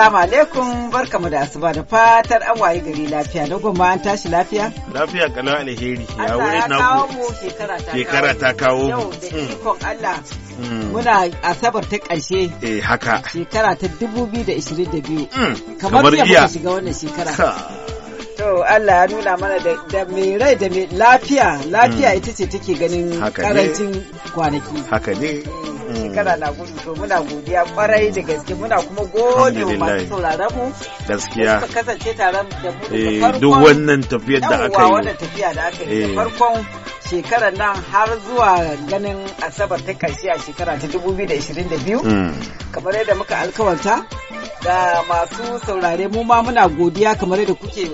Assalamu alaikum barkamu da asuba da fatar an waye gari lafiya da goma an tashi lafiya? Lafiya kalau alheri ya wuri na kawo mu shekara ta kawo mu. Yau da hmm. ikon Allah hmm. muna asabar ta ƙarshe. Eh haka. Shekara ta 2022. Hmm. Kamar jiya shiga wannan shekara. To Allah ya nuna mana da mai rai da mai lafiya lafiya ita ce take ganin karancin kwanaki. Haka ne. Eh. shekara na gudu to muna godiya kwarai da gaske muna kuma gode wa masu sauraron mu gaskiya suka kasance tare da mu eh, duk wannan tafiyar da aka yi wannan tafiya da aka yi eh. farkon shekarar nan har zuwa ganin asabar ta karshe a shekara ta 2022 mm. kamar yadda muka alkawarta ga masu saurare mu ma muna godiya kamar yadda kuke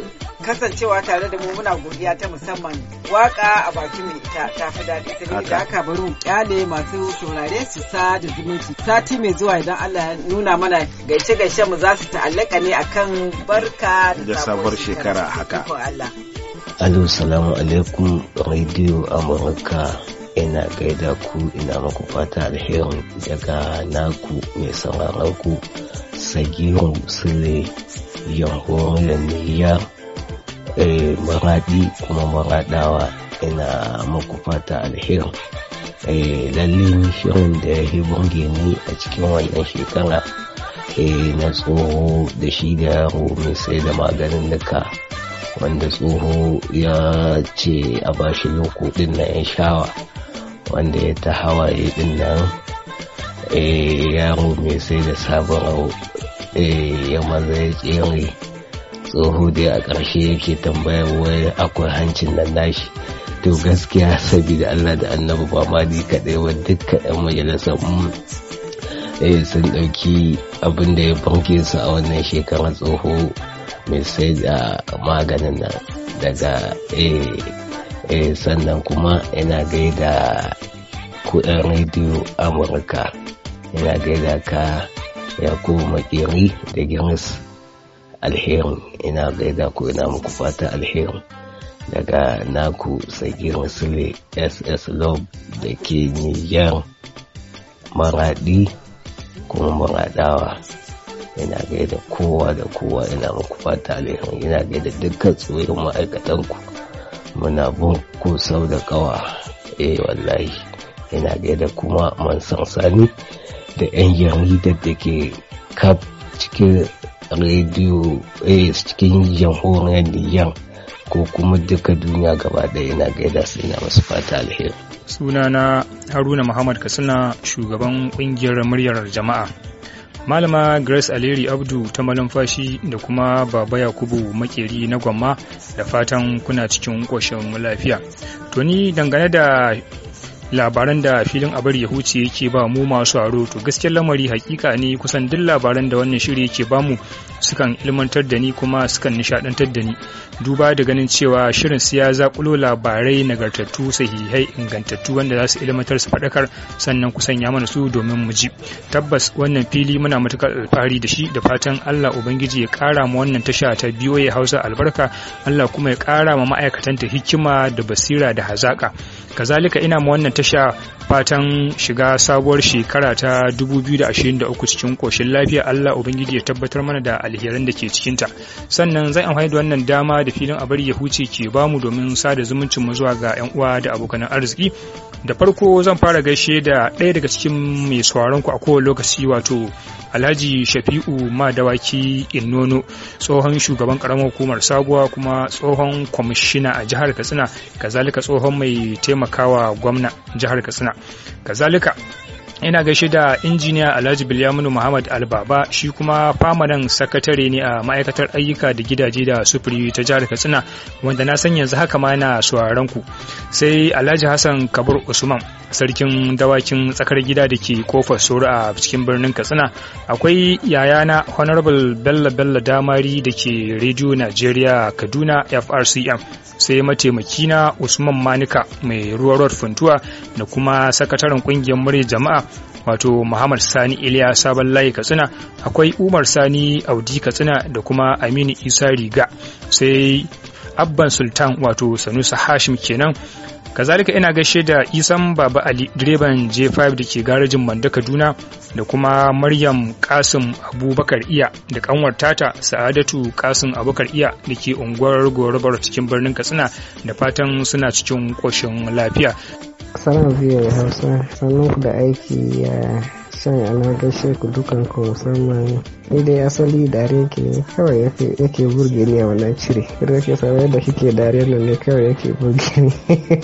kasancewa tare da mu muna godiya ta musamman waka a bakin mai ita ta fi daɗi ne da aka bari kyale masu saurare su sa da zumunci sati mai zuwa idan Allah ya nuna mana gaishe gaishe mu za su ta'allaka ne akan barka da sabuwar shekara haka Alu salamu alaikum radio Amurka ina gaida ku ina maku fata alherin daga naku mai sauraron ku sagiru sule yankunan niyar Eh, maraɗi kuma maraɗawa ina maku fata alherin eh, lalle shirin da ya burge ni a cikin wannan shekara eh, na tsoho da shi da yaro mai sai da maganin nuka wanda tsoho ya ce a bashi loko na yan shawa wanda ya ta hawaye din nan yaro mai sai da sabon ya maza ya tsere tsoho da a ƙarshe yake tambayar wai akwai hancin nan nashi to gaskiya saboda allah da annabi ba ma ni kaɗai ba dukkan majalisa majalisar eh, sun ɗauki abin da ya banke su a wannan shekarar tsoho mai sai da maganin nan daga eh, eh, sannan kuma ina gaida kuɗin rediyo amurka ina gaida ka yakubu makeri da giris alherin ina gaida ku ina muku fata alherin daga naku tsagirin sule ss love da ke niger maradi kuma maradawa ina da kowa da kowa ina muku fata alherin ina da dukkan ma'aikatan ku, muna bin ku sau da kawa eh wallahi ina da kuma san sani da yan yaridar da ke kaf cikin rediyo cikin jamhuriyar Nijar ko kuma duka duniya gaba ɗaya na gaida su ina masu fata alheri. Sunana Haruna Muhammad Katsina shugaban ƙungiyar muryar jama'a. Malama Grace Aleri Abdu ta malamfashi da kuma Baba Yakubu Makeri na Gwamma da fatan kuna cikin ƙoshin lafiya. To ni dangane da labaran da filin abar ya huce yake ba mu masu aro to gaskiyar lamari hakika ne kusan duk labaran da wannan shiri yake ba mu sukan ilmantar da ni kuma sukan nishadantar da ni duba da ganin cewa shirin siya ya zakulo labarai nagartattu sahihai ingantattu wanda za su ilmantar su faɗakar sannan kusan ya mana su domin mu ji tabbas wannan fili muna matukar alfahari da shi da fatan Allah ubangiji ya kara mu wannan tasha ta biyo ya Hausa albarka Allah kuma ya kara ma ma'aikatanta hikima da basira da hazaka kazalika ina ma wannan to share fatan shiga sabuwar shekara ta 2023 cikin koshin lafiya Allah Ubangiji ya tabbatar mana da alheran da ke cikinta sannan zai amfani da wannan dama da filin abar ya huce ke bamu domin sada zumuncin mu zuwa ga 'yan uwa da abokan arziki da farko zan fara gaishe da ɗaya daga cikin mai sauraron ku a kowane lokaci wato Alhaji Shafi'u Madawaki Innono tsohon shugaban karamar hukumar Sabuwa kuma tsohon kwamishina a jihar Katsina kazalika tsohon mai taimakawa gwamna jihar Katsina Kazalika ina gaishe da injiniya alhaji bilyaminu muhammad albaba shi kuma famanan sakatare ne a ma'aikatar ayyuka da gidaje da sufuri ta jihar katsina wanda na san yanzu haka ma yana sauraron ku sai alhaji hassan kabur usman sarkin dawakin tsakar gida da ke kofar soro a cikin birnin katsina akwai yayana honorable bello bello damari da ke radio nigeria kaduna frcm sai mataimakina usman manika mai ruwa road funtuwa da kuma sakataren kungiyar murya jama'a wato Muhammad Sani Iliya Sabon Layi Katsina akwai Umar Sani Audi Katsina da kuma Aminu Isa Riga sai Abban Sultan wato Sanusa Hashim kenan kazalika ina gaishe da isan baba ali direban j5 da ke garajin manda kaduna da kuma maryam kasim abubakar iya da kanwar tata sa'adatu kasim abubakar iya da ke unguwar gorobar cikin birnin katsina da fatan suna cikin koshin lafiya Salam biyu Hausa, sannan ku da aiki ya shan yana gaishe ku dukan ku musamman ni dai asali dare ke kawai yake burge ni a wannan cire da ke samu yadda kike dare nan ne kawai yake burge ni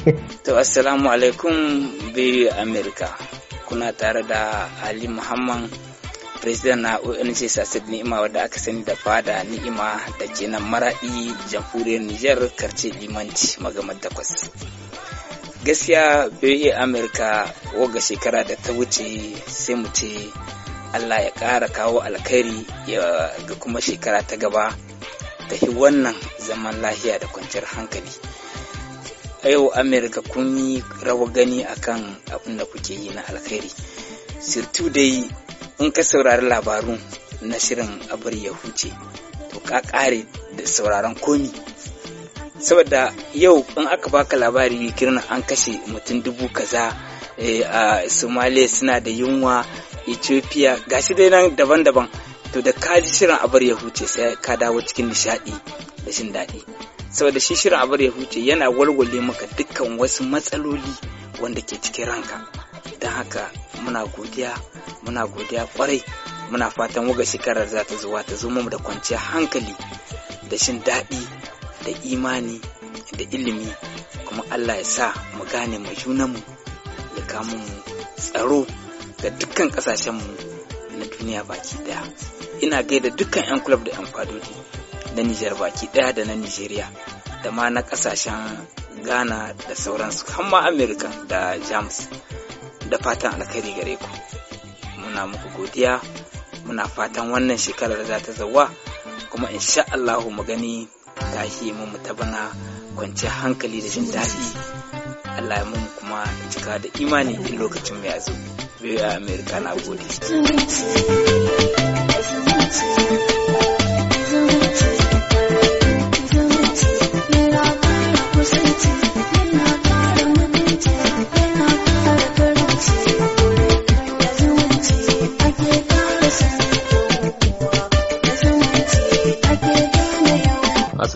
to assalamu alaikum biyu america kuna tare da ali muhammad president na ong sasad ni'ima wadda aka sani da fada ni'ima da ke nan maraɗi jamhuriyar niger karce limanci magamar takwas gaskiya biyu amurka waga shekara da ta wuce sai mu ce allah ya ƙara kawo alkhairi ga kuma shekara ta gaba ta yi wannan zaman lahiya da kwanciyar hankali a yau amurka kun yi rawa gani akan abin da kuke yi na alkhairi sirtu dai in ka saurari labarun na shirin abar ya huce to ka ƙare da sauraron komi saboda yau in aka baka labari kirna an kashe mutum dubu kaza eh, a somalia suna da yunwa ethiopia shi dai nan daban-daban to da ka ji shirin abar ya huce sai ka dawo cikin nishadi da jin daɗi saboda shi shirin abar ya huce yana walwale maka dukkan wasu matsaloli wanda ke cikin ranka don haka muna godiya muna godiya kwarai muna fatan waga shekarar za ta zuwa ta zo mu da kwanciyar hankali da shin daɗi da imani da ilimi kuma Allah ya sa mu gane mai junanmu ya kama mu tsaro ga dukkan kasashenmu na duniya baki daya ina gaida dukkan 'yan kulab da 'yan fadodi na Nijar baki daya da na Nijeriya da ma na ƙasashen Ghana da sauransu hamma Amerika da Jamus da fatan alkhairi gare ku muna muku godiya muna fatan wannan shekarar za ta zawa kuma insha Allahu mu gani lahiya mu ta bana kwanciyar hankali da jin daɗi Allah ya mun kuma cika da imani in lokacin mai azu biyu Amerika na gode.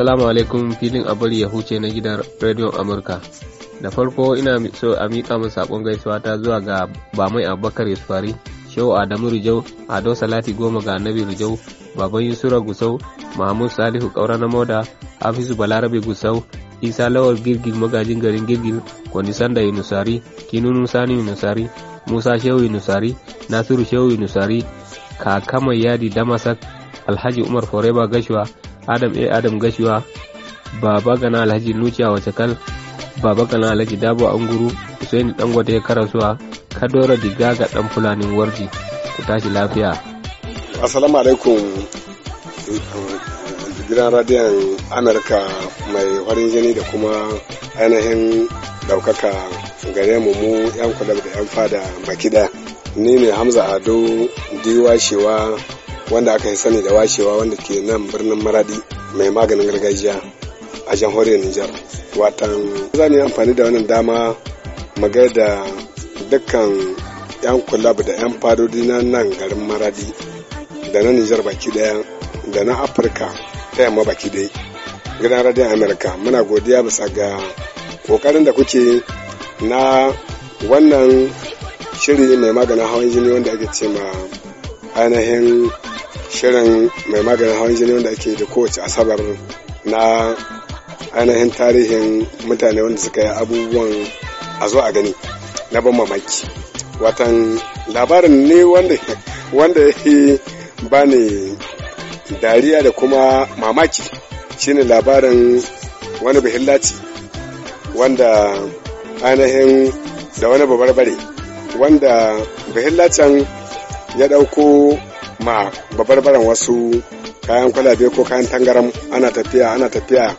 Assalamu alaikum filin abar ya huce na gidan Radio Amurka. Da farko ina so a miƙa min saƙon gaisuwa ta zuwa ga Bamai Abubakar Yusufari, Shehu Adamu Rijau, Ado Salati Goma ga Nabi Rijau, Baban Yusura Gusau, Mahmud Salihu Kaura na Moda, Hafizu Balarabe Gusau, Isa Lawal Girgil Magajin Garin girgi Kwani Sanda Yunusari, Kinunu Sani Yunusari, Musa Shehu Yunusari, Nasiru Shehu Yunusari, Kaka Mai Yadi Damasak, Alhaji Umar Foreba Gashuwa, adam a adam gashiwa baba gana alhaji luciya wace kal baba gana alhaji dabo anguru husaini dangote ya karasuwa kadora digaga ɗan fulanin warji ku tashi lafiya assalamu alaikum gidan radiyon amurka mai warin jini da kuma ainihin daukaka gare mu mu yan kula da yan fada makida ni ne hamza ado diwashewa wanda aka yi sani da washewa wanda ke nan birnin maradi mai maganin gargajiya a jamhuriyar Nijar. Watan za mu yi amfani da wannan dama magai da dukkan 'yan kula da 'yan fadodi na nan garin maradi da na Nijar baki daya da na Afirka ta yamma baki dai. Gidan Radiyon Amerika muna godiya bisa ga kokarin da kuke na wannan shiri mai maganin hawan jini wanda ake ce ma ainihin shirin mai maganin hawan jini wanda ake da kowace asabar na ainihin tarihin mutane wanda suka yi abubuwan a zo a gani na ban mamaki watan labarin ne wanda ya ba ne dariya da kuma mamaki shine labarin wani bihillaci wanda ainihin da wani babar bare wanda bihillacin ya ɗauko ma babarbaran wasu kayan kwalabe ko kayan tangaram ana tafiya ana tafiya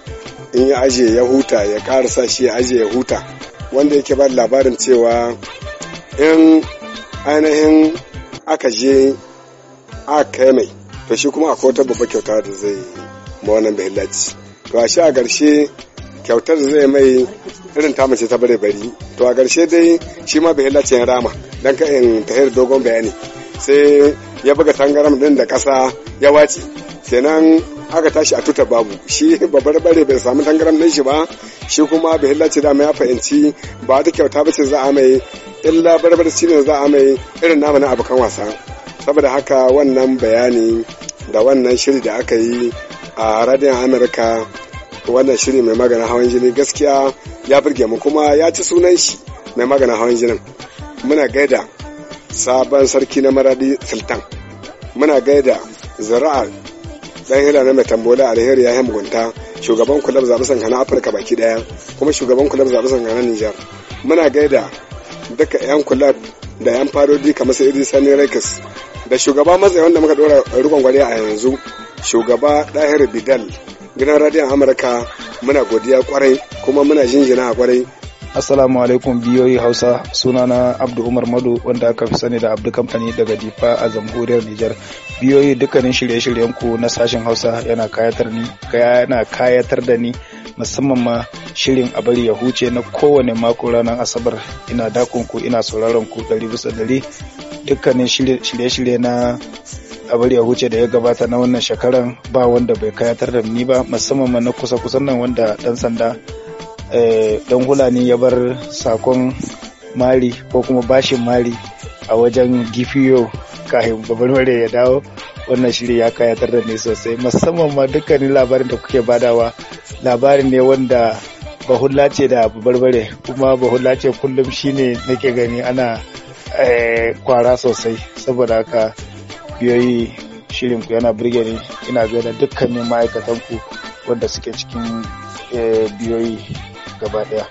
in ya aje ya huta ya karasa shi ya ajiye ya huta wanda yake ba labarin cewa in ainihin aka je aka mai to shi kuma akwai wata babba kyauta da zai mawanan bihillaci to a shi a garshe kyautar zai mai irin ta mace ta bare bari to a garshe dai shi ma bihillacin rama dan ka in tahir dogon bayani sai ya buga tangaram din da kasa ya wace kenan aka tashi a tuta babu shi babbar bare bai samu tangaram din shi ba shi kuma bai hillaci da ya fahimci ba ta kyauta ba ce za a mai illa barbar shi ne za a mai irin namu na abokan wasa saboda haka wannan bayani da wannan shiri da aka yi a radiyon amurka wannan shiri mai magana hawan jini gaskiya ya burge mu kuma ya ci sunan shi mai magana hawan jinin muna gaida sabon sarki na maradi sultan muna gaida zara'a dan hila na metambola alheri ya mugunta shugaban kulab zaɓi sankana afirka baki daya kuma shugaban kulab zaɓi sankana nijar muna gaida duka yan kulab da yan farodi kamar sai iri sani rekis da shugaba matsayi wanda muka dora rikon gwari a yanzu shugaba dahir bidal gidan radiyon amurka muna godiya kwarai kuma muna jinjina a kwarai Assalamu alaikum biyoyi Hausa sunana Abdu Umar Madu wanda aka fi sani da Abdu Kamfani daga Difa a zamburiyar Nijar. Biyoyi dukkanin shirye-shiryen ku na sashen Hausa yana kayatar ni yana kayatar da ni musamman ma shirin a bari ya huce na kowane mako ranar Asabar ina dakon ku ina sauraron ku ɗari bisa ɗari dukkanin shirye-shirye na a bari ya huce da ya gabata na wannan shekaran ba wanda bai kayatar da ni ba musamman ma na kusa-kusan nan wanda dan sanda Eh, dan hulani ya bar sakon mari ko kuma bashin mari a wajen gifiyo kafin babban mare ya dawo wannan shiri ya kayatar da ni sosai musamman ma dukkanin labarin da kuke badawa labarin ne wanda bahulla ce da barbare kuma bahulla ce kullum shine nake gani ana eh, kwara sosai saboda haka biyoyi shirin ku yana birge ni ina da dukkanin ma'aikatanku ku wanda suke cikin eh, biyoyi gaba daya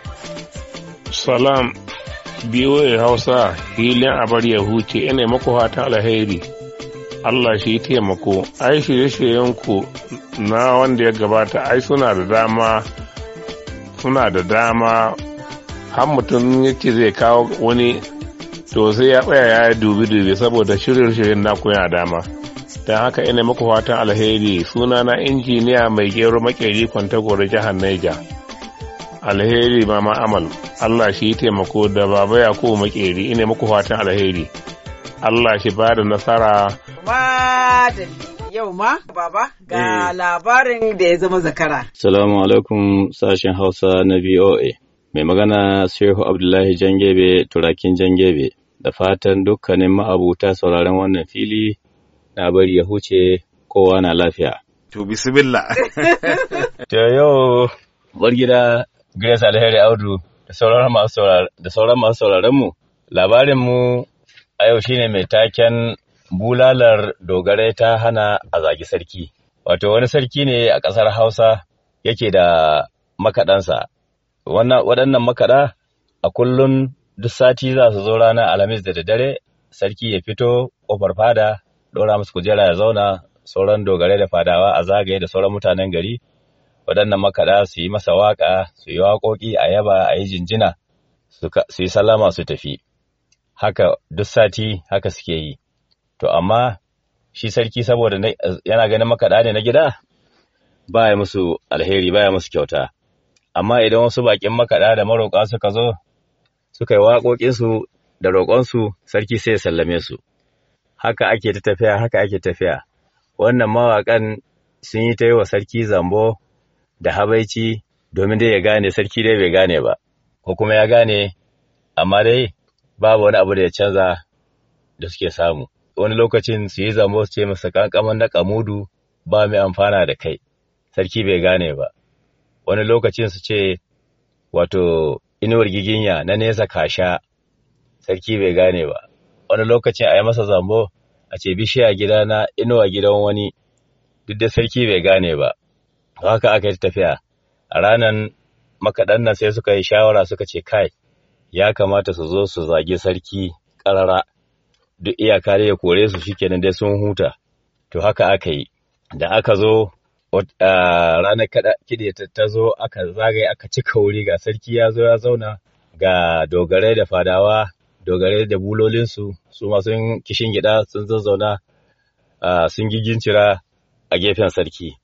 salam biyoyi hausa hilin abar ya huce ina maku fatan alheri allah shi taimako ai shirye-shiryenku na wanda ya gabata ai suna da dama suna da dama har mutum yake zai kawo wani to sai ya tsaya ya dubi-dubi saboda shirye-shiryen naku kuna dama don haka ina maku fatan alheri suna na injiniya mai gero makeri kwantagoro jihar Niger. alheri mama amal Allah shi taimako da baba ya ko makeri ina muku fatan alheri Allah shi ba da nasara yau ma baba ga eh. labarin da ya zama zakara salamu alaikum sashen hausa na voa mai magana shehu abdullahi jangebe turakin jangebe da fatan dukkanin ma'abuta sauraron wannan fili na bari ya huce kowa na lafiya to bismillah ta yau bar gida Grace Alheri Audu da sauran masu da sauran masu mu. Labarin mu a yau shine mai taken bulalar dogarai ta hana a zagi sarki. Wato wani sarki ne a ƙasar Hausa yake da makaɗansa. Waɗannan makaɗa a kullum duk sati za su zo ranar Alhamis da daddare sarki ya fito ƙofar fada ɗora musu kujera ya zauna sauran dogarai da fadawa a zagaye da sauran mutanen gari waɗannan makaɗa su yi masa waƙa su yi waƙoƙi a yaba a yi jinjina su yi salama su tafi haka duk sati haka suke yi to amma shi sarki saboda yana ganin makaɗa ne na gida ba ya musu alheri ba ya musu kyauta amma idan wasu baƙin makaɗa da maroƙa suka zo suka yi waƙoƙinsu da roƙonsu sarki sai ya sallame su haka ake ta tafiya haka ake tafiya wannan mawaƙan sun yi ta yi wa sarki zambo da habaici domin dai ya gane sarki dai bai gane ba, ko kuma ya gane amma dai babu wani abu da ya canza da suke samu. Wani lokacin su yi zamo su ce masa kankaman na kamudu ba mai amfana da kai, sarki bai gane ba. Wani lokacin su ce wato inuwar giginya na nesa kasha, sarki bai gane ba. Wani lokacin a yi masa zambo a ce bishiya gidana inuwa gidan wani, duk da sarki bai gane ba. haka aka yi tafiya a ranan makaɗan nan sai suka yi shawara suka ce kai ya kamata su zo su zagi sarki ƙarara duk iyaka ya kore su shikenan dai sun huta to haka aka yi da aka zo ranar kiɗe ta zo aka zagaye aka cika wuri ga sarki ya zo ya zauna ga dogarai da fadawa dogarai da bulolinsu su ma sun kishin gida sun zazzauna sun gigincira a gefen sarki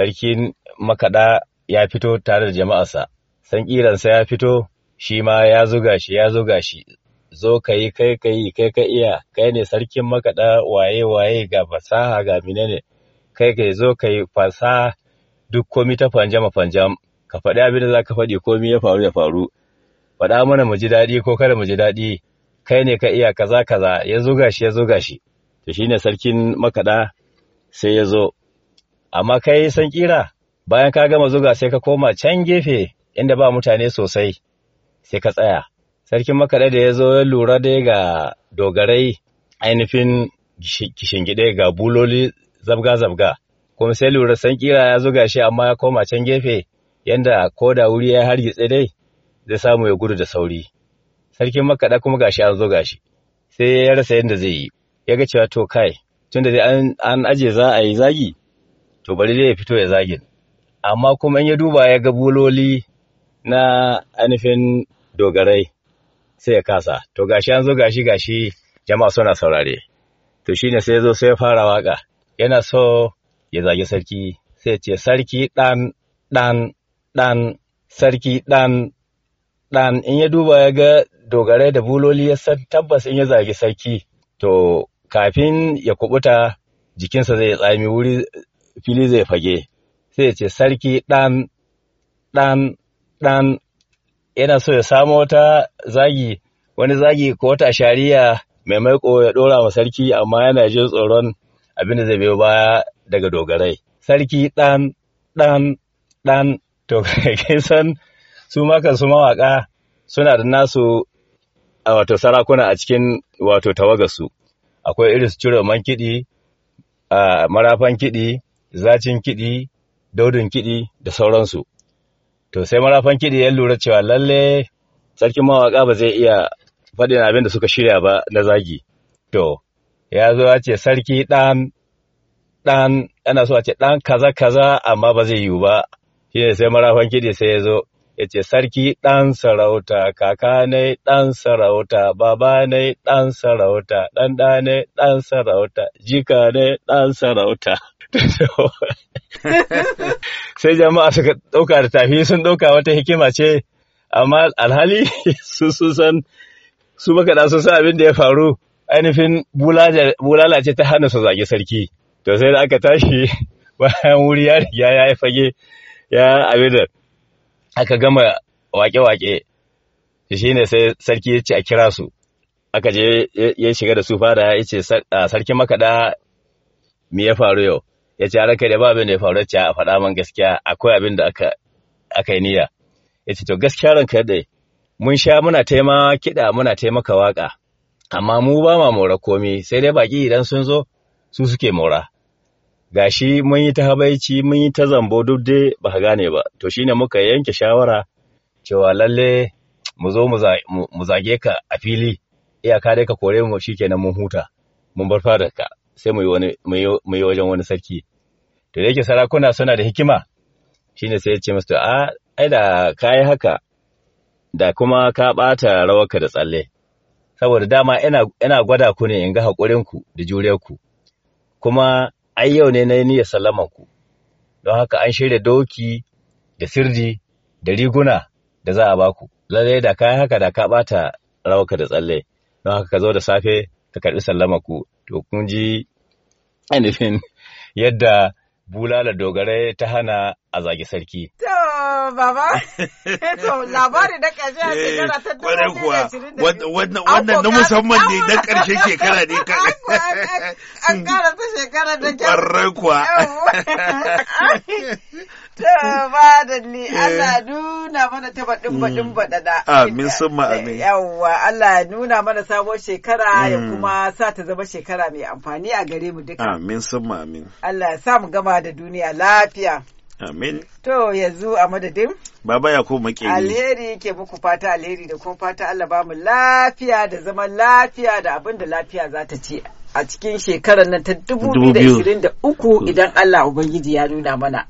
sarkin makaɗa ya fito tare da jama'arsa, sankiransa ya fito shi ma ya zuga shi ya zuga shi, zo ka yi kai ka kai ka iya, kai ne sarkin makaɗa waye waye ga fasaha ga menene, kai ka zo ka yi fasaha duk komi ta fanjama fanjam, ka faɗi abin da za ka faɗi komi ya faru ya faru, faɗa mana mu ji daɗi ko kada mu ji daɗi, kai ne ka iya kaza kaza ya zuga shi ya zuga shi. To shine sarkin makaɗa sai ya zo amma kai san kira bayan ka gama zuga sai ka koma can gefe inda ba mutane sosai sai ka tsaya sarkin makaɗa da ya zo ya lura dai ga dogarai ainihin gida ga buloli zabga-zabga kuma sai lura san kira ya zuga shi amma ya koma can gefe yanda ko da wuri ya hargitse dai zai samu ya gudu da sauri sarkin makaɗa kuma gashi an zo gashi sai ya rasa yadda zai yi ya ga cewa to kai da dai an aje za a yi zagi to bari zai ya fito ya zage amma kuma in ya duba ya ga buloli na ainihin dogarai sai ya kasa to gashi an zo gashi gashi jama'a suna saurare to shine sai ya zo sai ya fara waka yana so ya zage sarki sai ce sarki dan dan dan sarki dan dan in ya duba ya ga dogarai da buloli ya san tabbas in ya zage sarki to kafin ya kubuta jikinsa zai tsami wuri fili zai fage sai ya ce sarki ɗan ɗan ɗan yana so ya samo wata zagi wani zagi ko wata shari'a mai maiko ya ɗora wa sarki amma yana jin tsoron abin da zai biyo baya daga dogarai sarki ɗan ɗan ɗan to kai san su makan su mawaƙa suna da nasu a wato sarakuna a cikin wato tawagarsu akwai irin su cire man kiɗi a marafan kiɗi zacin kiɗi, daudin kiɗi da sauransu. To sai marafan kiɗi ya lura cewa lalle sarkin mawaƙa ba zai iya faɗin abin da suka shirya ba na zagi. To, ya zo ya ce sarki ɗan ɗan ana so a ce ɗan kaza kaza amma ba zai yiwu ba. Shi ne sai marafan kiɗi sai ya zo ya ce sarki ɗan sarauta kaka ne ɗan sarauta baba ne ɗan sarauta ɗan ɗane ɗan sarauta jika ne ɗan sarauta. sai jama'a suka ɗauka da tafi sun ɗauka wata hikima ce amma alhali su sun san su da sun san abin da ya faru ainihin bulala ce ta hana su zage sarki to sai da aka tashi bayan wuri ya riga ya yi fage ya abin da aka gama wake-wake shi ne sai sarki ya ce a kira su aka je ya shiga da su fada ya ce sarki makaɗa me ya faru yau ya ce raka da ba abin da ya faru ce a faɗa man gaskiya akwai abin da aka aka yi niyya ya ce to gaskiya ranka da mun sha muna taima kiɗa muna taimaka waƙa amma mu ba ma mora komi sai dai baƙi idan sun zo su suke mora gashi mun yi ta habaici mun yi ta zambo duk dai ba ka gane ba to shine muka yanke shawara cewa lalle mu zo mu zage ka a fili iyaka dai ka kore mu shikenan mun huta mun bar fadar ka sai mu yi wajen wani sarki to yake sarakuna suna da hikima shine sai ya ce musu a ai da kai haka da kuma ka ɓata rawarka da tsalle saboda dama ina gwada ku ne in ga hakurin ku da juriyar ku kuma ai yau ne na yi niyyar sallama ku don haka an shirya doki da sirdi da riguna da za a baku lallai da yi haka da ka bata rawarka da tsalle don haka ka zo da safe ka karbi sallama ku to kun ji ainihin yadda bulala dogarai ta hana a zagi sarki. baba eto labari da ƙarshe a shekara ta eh, dubu kuwa wannan na musamman ne na ƙarshen shekara ne ka an ƙara ta shekara da kyau ƙwarar kuwa ta ba da ni Allah nuna mana ta baɗin mm. baɗin baɗaɗa amin summa eh, amin yawwa Allah nuna mana sabon shekara ya mm. kuma sa ta zama shekara mai amfani a gare mu duka amin summa amin Allah ya sa mu gama da duniya lafiya Amin. To yanzu a madadin? Baba Yakubu Makeri. Alheri ke muku fata alheri da kuma fata Allah ba mu lafiya da zaman lafiya da abin da lafiya za ta ci a cikin shekarar nan ta uku idan Allah Ubangiji ya nuna mana.